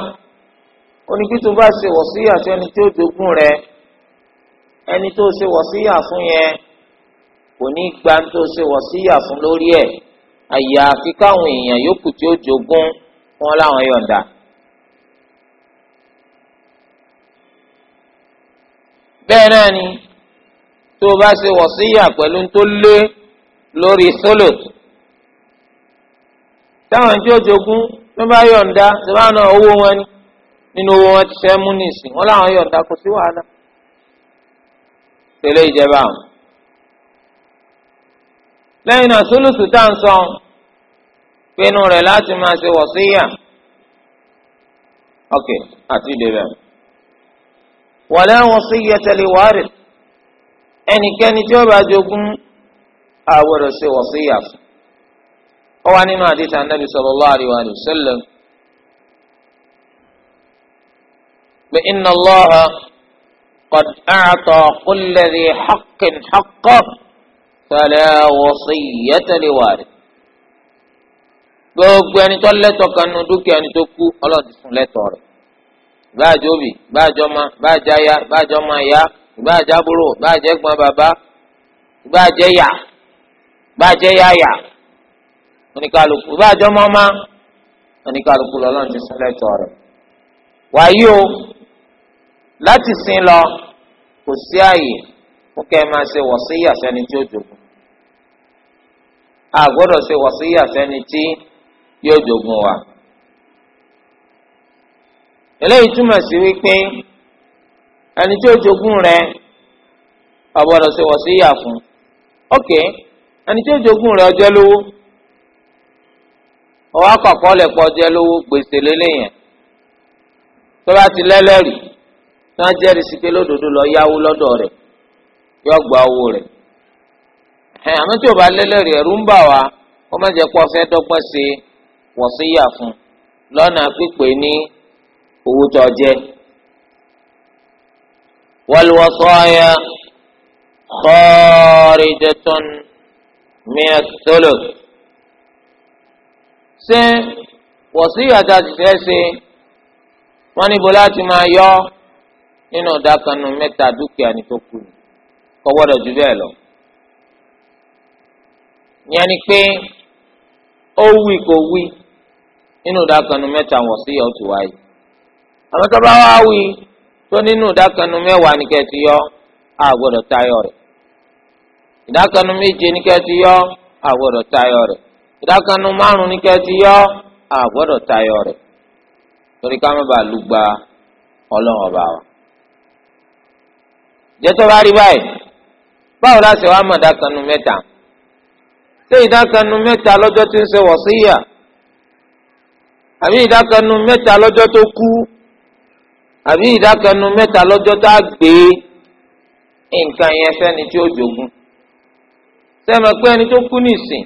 oníkí tó bá ṣe wọ̀síyà fẹ́ni tí ó jogún rẹ̀ ẹni tó ṣe wọ̀síyà fún yẹn kò ní gba tó ṣe wọ̀síyà fún lórí ẹ̀ àyàfi káwọn èèyàn yòókù tí ó jogún wọn láwọn yọ̀ǹda. bẹ́ẹ̀ náà ni tó o bá ṣe wọ̀síyà pẹ̀lú tó lé lórí solot táwọn tí ó jogún tó bá yọ̀ǹda tó bá na owó wọn ni nínú owó wọn ti fẹ́ mú nìsín wọn làwọn yọ̀ǹda kò sí wàhálà tẹ̀lé ìjẹba àwọn. lẹ́yìn náà solot tá à ń sọ pinnu rẹ̀ láti máa ṣe wọ̀síyà ok àti ìdè wala wasiyata liwarith ẹnikẹ́ni tí ó bá jogún àwòrán ṣe wasiya fún ọ wá nínú àdìsá nàbì sallallahu alaihi wa sallam pé inna Allaha qad a'ta kulli dhi haqqin haqqahu fala wasiyata liwarith gbogbo ẹni tó lẹ́tọ̀ọ́ kan nu dúkìá ẹni tó kú Ọlọ́run ti fún lẹ́tọ̀ọ́ rẹ̀. ìbáàjọ́ òbí ìbáàjọ́ ọmọ ìbáàjọ́ aya ìbáàjọ́ ọmọ ìyá ìbáàjọ́ àbúrò ìbáàjọ́ ẹ̀gbọ́n bàbá ìbáàjọ́ yà ìbáàjọ́ yáyà oníkàlùkù ìbáàjọ́ mọ́má oníkàlùkù lọ́lọ́run ti sílẹ̀ tọ̀ rẹ̀. wàyí o láti sin lọ kò sí àyè kó kẹ́ ẹ máa ṣe wọ̀síyà sẹ́ni tí ó jogún a gbọ́dọ̀ ṣe wọ̀síyà sẹ́ni tí yóò jogún wa. eléyìí túmọ̀ sí wípé ẹni tí ó jogún rẹ ọ̀bọ̀dọ̀ ṣe wọ̀ sí ìyà fún ok ẹni tí ó jogún rẹ ọjọ́ lówó ọwọ́ àkọ́kọ́ lẹ̀ pọ̀ ọjọ́ lówó gbèsè lélẹ́yìn tó bá ti lẹ́lẹ́rìí tí wọ́n jẹ́rìí sí pé lódodo lọ yáwó lọ́dọ̀ rẹ̀ yọ gba owó rẹ̀ àmọ́ tí o bá lẹ́lẹ́rìí ẹ̀rú ń bà wá meje má jẹ́ pé ọ̀fẹ́ dọ́gbọ́n ṣe wọ̀ sí fún lọ́nà pípé ní owó tó jẹ wal wasaya kharidatun min ath-thuluth ṣé wọ̀síyà tá a ti fẹ́ ṣe wọ́n níbo láti máa yọ nínú ọ̀dà kanu mẹ́ta dúkìá ní tó kù kò gbọ́dọ̀ jù lọ. ìyẹn ni pé ó wí kò wí nínú ọ̀dà kanu mẹ́ta wọ̀síyà wáyé àwọn tó bá wá wí tó nínú ìdákanu mẹ́wàá ní kẹ́ẹ̀tì yọ a gbọ́dọ̀ tayọ rẹ̀ ìdákanu méje ní kẹ́ẹ̀tì yọ a gbọ́dọ̀ tayọ rẹ̀ ìdákanu márùn ní kẹ́ẹ̀tì yọ a gbọ́dọ̀ tayọ rẹ̀ torí ká má bàa lùgbà ọlọ́run ọba wa. jẹ́ tó bá rí báyìí báwo la ṣe wá mọ̀ ìdákanu mẹ́ta ṣé ìdákanu mẹ́ta lọ́jọ́ tí ń ṣe wọ̀síyà àbí ìdákanu mẹ́ta lọ́jọ́ tó kú. àbí ìdákanu mẹ́ta lọ́jọ́ tá a gbé nǹkan yẹn sẹ́ni tí ó jogún sẹ́mi pé ẹni tó kú nìsín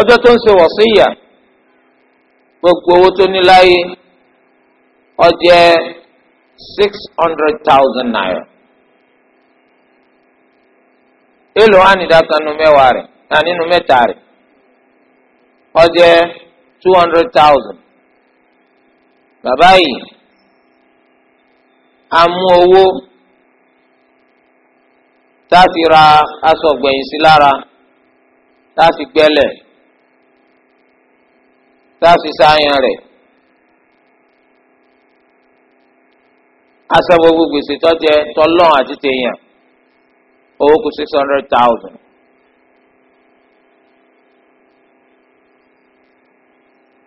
ọjọ́ tó ń ṣe wọ̀síyà gbogbo owó tó ní láyé ó six hundred thousand naira èlò ánìdákanu mẹ́wàá rẹ̀ náà nínú mẹ́ta rẹ̀ ó two hundred thousand bàbá yìí. a mú owó tá a fi ra aṣọ gbẹ̀yìn sí lára tá a fi gbẹ́lẹ̀ tá a fi sáyàn rẹ̀ aṣọ gbogbo gbèsè tọ́jẹ tọ́lọ́n àti tèèyàn owó kù six hundred thousand.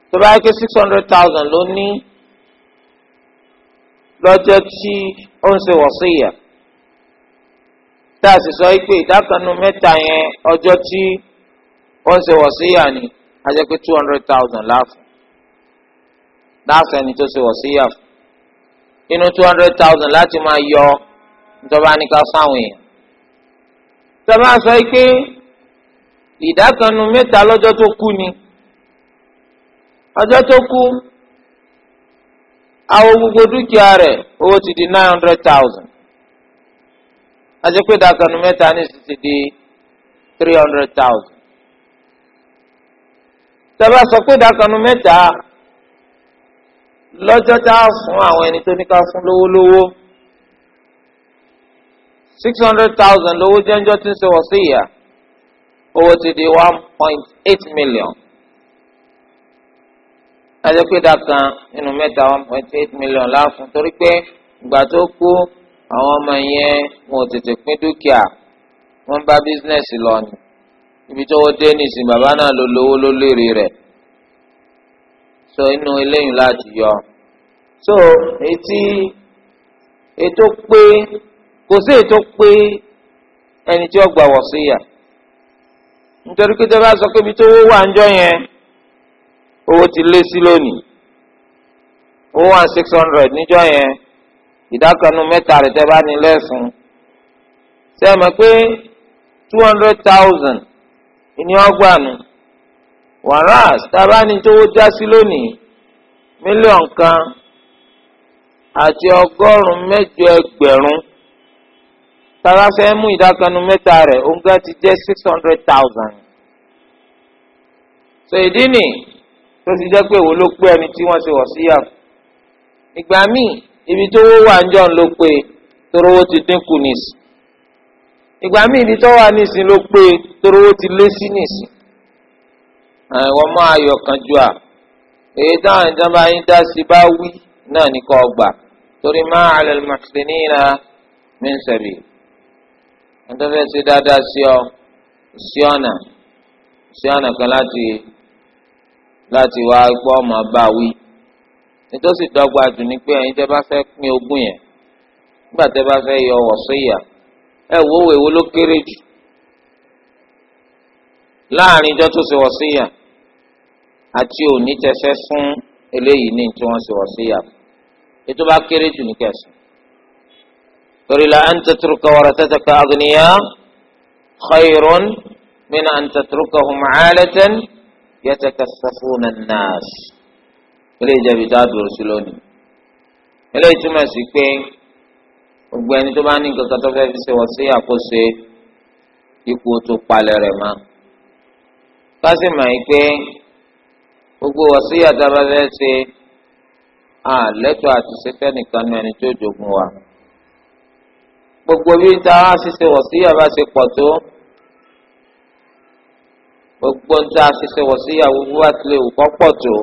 tó bá yẹ kí six hundred thousand ló ní. lọ́jọ́ tí ó ń ṣe wọ̀síyà tá a sì sọ pé ìdákanu mẹ́ta yẹn ọjọ́ tí ó ń ṣe wọ̀síyà ni a jẹ́ pé two hundred thousand láàfún láàfún ẹni tó ṣe wọ̀síyà fún inú two hundred thousand láti máa yọ ìjọba ní ká fáwọn èèyàn tọ́ba sọ pé ìdákanu mẹ́ta lọ́jọ́ tó kú ni ọjọ́ tó kú. àwọn gbogbo dúkìá rẹ owó ti di nine hundred thousand àti pé dàkànnù mẹ́ta ní sì ti di three hundred thousand tẹ́lá sọ pé dàkànnù mẹ́ta lọ́jọ́ tá a fún àwọn ẹni tó ní ká fún lówó lówó six hundred thousand lówó jẹ́njọ́ tí ń ṣe wọ̀ sí ìyá owó ti di one point eight million ajẹ́pẹ́dà kan nínú mẹ́ta one point eight million láàfún torí pé ìgbà tó kú àwọn ọmọ yẹn wọn ò tètè pín dúkìá wọ́n bá bísínẹ́sì lọ ni ibi tó wọ́n dé nìsín bàbá náà ló lówó ló lérè rẹ̀ so inú eléyìí láti yọ so etí ètò pé kò sí ètò pé ẹni tí ó gbà wọ̀ sí yà nítorí pé tó bá sọ pé ibi tó wó wà ń jọ yẹn owó ti lé sí lónìí ó wà six hundred níjọ́ yẹn ìdákanu mẹ́ta rẹ̀ tẹ́ bá ní lẹ́sùn ṣe é mọ̀ pé two hundred thousand ìní ọgbàánu wàràs tábà ní tówó já sí lónìí mílíọ̀n kan àti ọgọ́rùn-ún mẹ́jọ ẹgbẹ̀rún tábà fẹ́ mú ìdákanu mẹ́ta rẹ̀ òǹkà ti jẹ́ six hundred thousand. so ìdí nìyí tó ti jẹ́ pé òun ló pé ẹni tí wọ́n ṣe wọ̀ sí yàgò. ìgbà míì ibi tó wó wà ń jọ ló pé torówó ti dínkù nìsín. ìgbà míì ibi tó wà nìsín ló pé torówó ti lé sí nìsín. àwọn ọmọ ayọ̀ kan ju à èyí táwọn ìjọba yín dá sí bá wí náà ní kò gbà torí ma 'ala al-muhsinina min sabil. wọ́n tó fẹ́ ṣe dáadáa sí ọ sí ọ̀nà sí ọ̀nà kan láti láti wá gbọ́ ọmọ bá wí nítòsí dọ́gba jù ní pé ẹ̀yin tẹ́ bá fẹ́ pín ogún yẹn nígbà tẹ́ bá fẹ́ yọ wọ̀síyà ẹ wo òwe wo ló kéré jù láàrin ijọ́ tó ṣe wọ̀síyà àti òní tẹsẹ́ fún eléyìí ní tí wọ́n ṣe wọ̀síyà ètò bá kéré jù ní kẹsàn-án torí la an tatruka waratataka aghniya khayrun min an tatruka hum 'alatan yatakaffafuna an-nas ilé ìjẹbi tá a dúró sí lónìí ilé ìtumọ̀ sí pé gbogbo ẹni tó bá ní nǹkan kan tó fẹ́ fi ṣe wọ́n sí àkóso ipò tó palẹ̀ rẹ̀ mọ́ ká sì mọ̀ pé gbogbo wọ́n sí àtàbà fẹ́ ṣe àlẹ́tọ̀ àtúnṣe fẹ́nìkan ní ẹni tó jogun wa gbogbo bí tá ṣiṣẹ́ wọ́n sí àbá tó gbogbo ń tá a ṣiṣẹ́ wọ̀ sí ìyàwó bí wá tilẹ̀ òkọ́ pọ̀ tó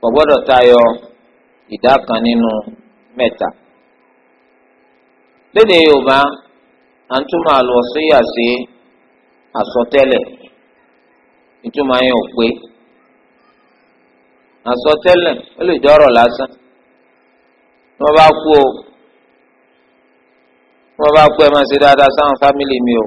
kò gbọ́dọ̀ tayọ ìdá kan nínú mẹ́ta. lédè yorùbá à ń túmọ̀ àlọ́ síyà sí àsọtẹ́lẹ̀ ìtumọ̀ yẹn ò pé àsọtẹ́lẹ̀ ó lè jọrọ lásán tí wọ́n bá kú o tí wọ́n bá kú ẹ máa ṣe dáadáa sáwọn fámìlì mi o.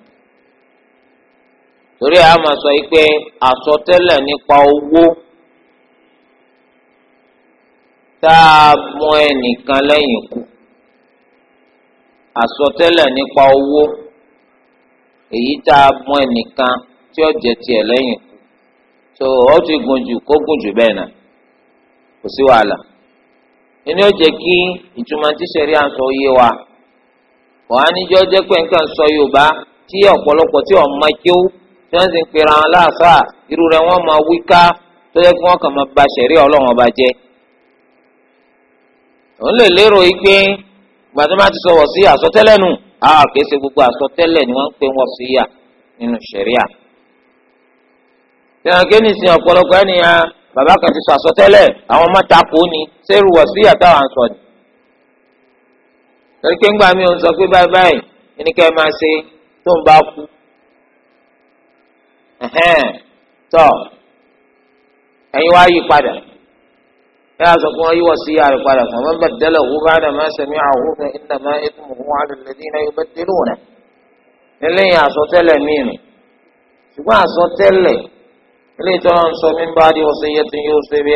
torí a máa sọ yìí pé nípa owó tá a mọ ẹnìkan lẹ́yìn ikú nípa owó èyí tá a mọ ẹnìkan tí ó jẹ tiẹ̀ lẹ́yìn ikú tó ó ti gùn jù kó gùn jù bẹ́ẹ̀ kò sí wàhálà inú kí ìtumọ̀ à ń sọ yé wa wàá níjọ́ jẹ́ pé tí wọ́n sì ń pera wọn láàfà irú rẹ̀ wọ́n máa wí ká tó yẹ kí wọ́n kàn máa ba ṣẹ̀rí ọlọ́wọ́n bá jẹ́. òun lè lérò yìí pé gbàtí wọ́n ti sọ wọ̀ àsọtẹ́lẹ̀ nù àwọn kìí gbogbo àsọtẹ́lẹ̀ ni wọ́n ń pè wọ́n sí yà nínú ṣẹ̀ríà. tẹ̀wọ̀n kí ni sin ọ̀pọ̀lọpọ̀ ènìyàn bàbá kan ti sọ àsọtẹ́lẹ̀ àwọn ọmọ takò ni sẹ́rù wọ̀ sí yà táwọn sọ ni. tó ń bá kú tọ́ ẹ̀yin wá yí padà ẹ yà sọ fún wọn wa si yàrá padà fún wọn bá dẹlẹ dà má sẹmí àwọn ọmọ iná má ètò mọ wọn àti lẹni iná yóò bá délé wọn. eléyìí àsọtẹ́lẹ̀ mìíràn ṣùgbọ́n àsọtẹ́lẹ̀ eléyìí tó ń sọ mí bá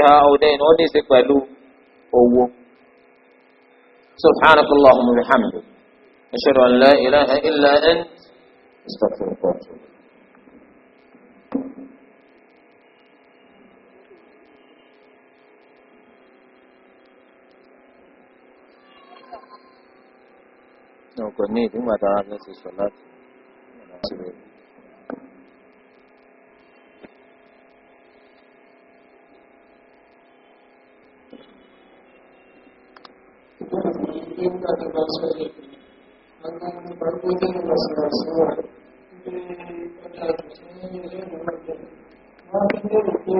ha ọdẹ ní ní pẹ̀lú owó. náà kò ní ìdígbà tára fẹ́ ti sọ láti láti rẹ̀. Nígbà tó bá sọ yìí, àwọn ìgbàgbọ́ ní ìwọ̀sọ̀rọ̀sọ̀ wà ní ọjà àtúnṣe ní ilé ìwọ̀n Wọ́n fi lérò pé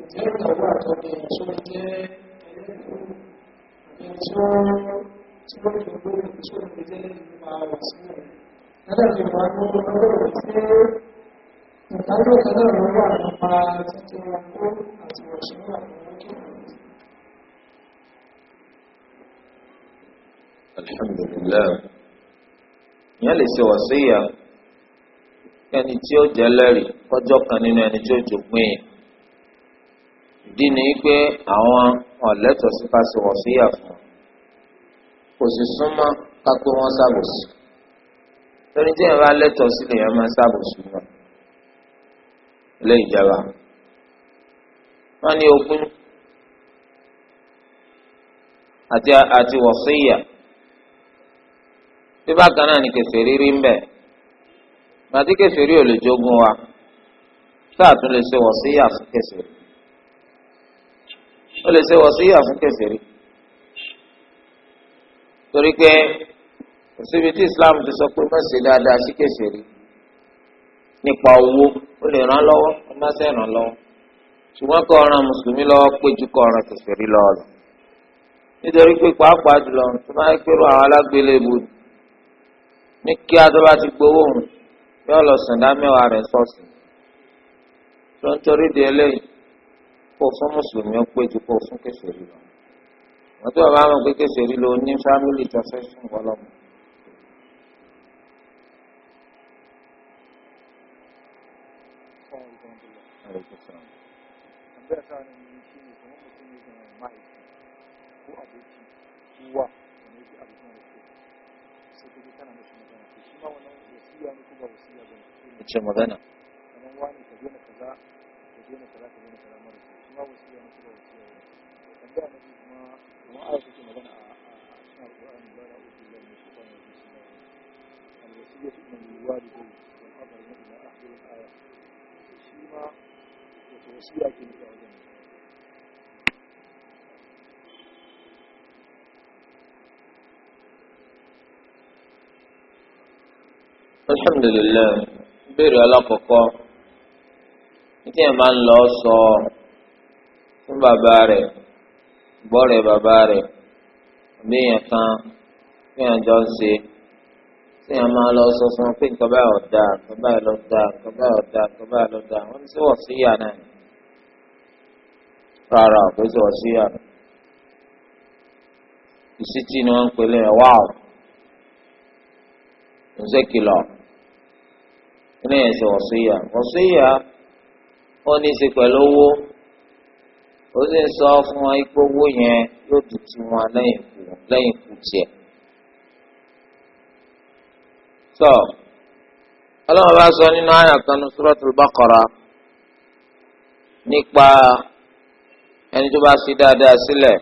ìjẹ́ ìgbàgbọ́ ci wani dogorin ciwon da zai yi ma wasu ne na da ke ba ko na da wasu da ta yi wata da ruwa da ma cikin wanko a cikin shi ne a alhamdulillah ìyá lè ṣe wàsíyà ẹni tí ó jẹ́ lẹ́rìí kọjọ́ kan nínú ẹni tí ó jogún ìdí ni pé àwọn ọ̀lẹ́tọ̀ọ́ sí ṣe wàsíyà fún un kò sì súnmọ́ kápẹ́ wọn ṣàbòsí lórí tí èèyàn bá lẹ́tọ̀ọ́ sí lèèyàn máa ṣàbòsí wọn ilé ìjọba wọn ní ogún àti àti wọ̀síyà bí bákan náà ni kẹfẹ́rí rí ń bẹ̀ màtí kẹfẹ́rí ò lè jogún wa táà tún lè ṣe wọ̀síyà fún kẹfẹ́rí ó lè ṣe wọ̀síyà fún kẹfẹ́rí torí pé òsibí tí islam ti sọ pé mẹ́sẹ̀ dáadáa sí kèsìrì nípa owó ó lè ràn lọ́wọ́ ó má sẹ́ ràn lọ́wọ́ ṣùgbọ́n kọ́ ọ̀ràn mùsùlùmí lọ́wọ́ péjú kọ́ ọ̀ràn kèsìrì lọ́wọ́ lọ. nítorí pé pàápàá jùlọ tó máa ń pérò àwọn alágbélébù ní kí adọ́ba ti gbowó òun yóò lọ sùn dá mẹ́wàá rẹ̀ sọ́ọ̀sì tó ń torí di eléyìí kó fún mùsùlùmí ó péjú kó fún kèsìrì lọ. wọ́n tí wọ́n bá mọ̀ pé ló ní family transaction fẹ́ يسمى الوالدين والأمر إلى آخر الآية شيما وتوصية كلمة عدم alhamdulilayi ìbéèrè alákọ̀ọ́kọ́ nítorí ẹ̀ máa ń lọ sọ fún bàbá rẹ̀ gbọ́ rẹ̀ bàbá rẹ̀ àbí èèyàn kan bí èèyàn jọ ń ṣe tí a máa lọ sọ fún un pé nǹkan báyọ̀ da nǹkan báyọ̀ lọ da nǹkan báyọ̀ da nǹkan báyọ̀ lọ da wọ́n ní sí wọ̀síyà náà rárá kò sí wọ̀síyà ìsítì ni wọ́n ń pè lẹ́yìn wáò ǹṣe kìlọ̀ ilé yẹn ṣe wọ̀síyà wọ̀síyà ó ní í ṣe pẹ̀lú owó ó sì ń sọ fún wọn ipò owó yẹn yóò dùn wọn lẹ́yìn kù lẹ́yìn kù tiẹ̀ sọ ọlọ́run bá sọ nínú àyà kan ní suratul Baqara nípa ẹni tó bá sí dáadáa sílẹ̀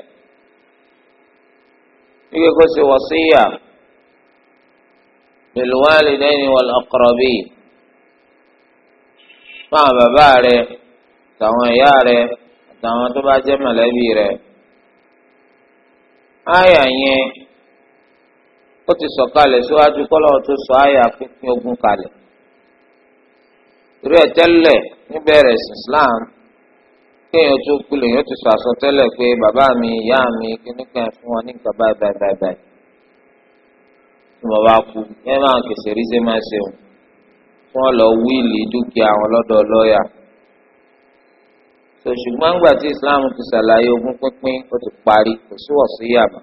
wípé kó ṣe wasiya lil walidayni wal aqrabin fún àwọn bàbá rẹ̀ àtàwọn ìyá rẹ̀ àtàwọn tó bá jẹ́ mọ̀lẹ́bí rẹ̀ àyà yẹn ó ti sọ̀kalẹ̀ síwájú kọ́lọ́ tó sọ àyà pínpín ogun kalẹ̀. irú ẹ̀ tẹ́lẹ̀ níbẹ̀rẹ̀ Islam kéèyàn tó kulè yóò ti sọ àsọtẹ́lẹ̀ pé bàbá mi ìyá mi kíníkan fún wọn ní nǹkan báyìí báyìí báyìí báyìí tí mo bá kú ẹ máa kèsè rí ṣe máa ṣe wọn tí wọn lọ wíìlì dúkìá wọn lọ́dọ̀ lọ́ọ̀yà ṣùgbọ́n gbà Islam ti ṣàlàyé ogún pínpín ó ti parí kò sí wọ̀ sí yàrá.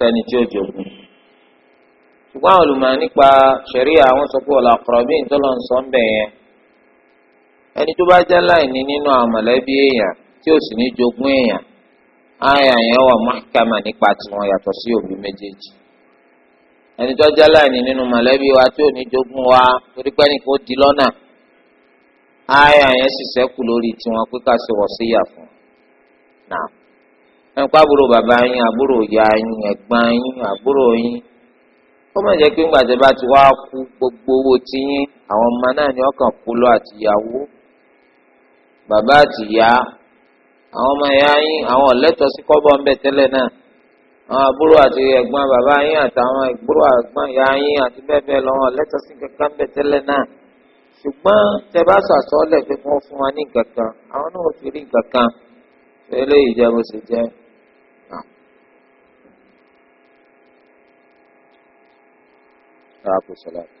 sẹ́ni tí ó jogún ṣùgbọ́n àwọn olùmọ̀ nípa ṣẹ̀ríà àwọn sọ pé ọ̀la àkọ́rọ̀bí ìtọ́lọ̀ ń sọ ń bẹ̀ yẹn ẹni tó bá jẹ́ láìní nínú àwọn mọ̀lẹ́bí èèyàn tí ò sì ní jogún èèyàn àyà yẹn wà mọ́kàmà nípa tiwọn yàtọ̀ sí òbí méjèèjì ẹni tó jẹ́ láìní nínú mọ̀lẹ́bí wa tí ò ní jogún wa torí pé ẹnì kò di lọ́nà àyà yẹn sì sẹ́kù lórí tiwọn pé ká ṣe wọ̀ síyà fún un náà. ẹnpa àbúrò bàbá yín àbúrò ìyá yín ẹ̀gbọ́n yín àbúrò yín ó má jẹ́ pé ńgbà tẹ́ bá ti wá kú gbogbo owó tiyín àwọn ọmọ náà ni ọkàn kú lọ àtìyàwó bàbá àtìyá àwọn ọmọ ìyá yín àwọn ọ̀lẹ́tọ̀ sí kọ́bọ̀ ń bẹ tẹ́lẹ̀ náà àwọn àbúrò àti ẹ̀gbọ́n bàbá yín àtàwọn àbúrò ẹ̀gbọ́n ìyá yín àti bẹ́ẹ̀ bẹ́ẹ̀ lọ àwọn ọ̀lẹ́tọ̀ sí kankan ń bẹ tẹ́lẹ̀ náà ṣùgbọ́n tẹ́ bá sàsọ́ọ́lẹ̀ pé wọ́n fún wa ní nǹkan kan àwọn náà ò fi rí nǹkan kan eléyìí jẹ́ bó ṣe والسلام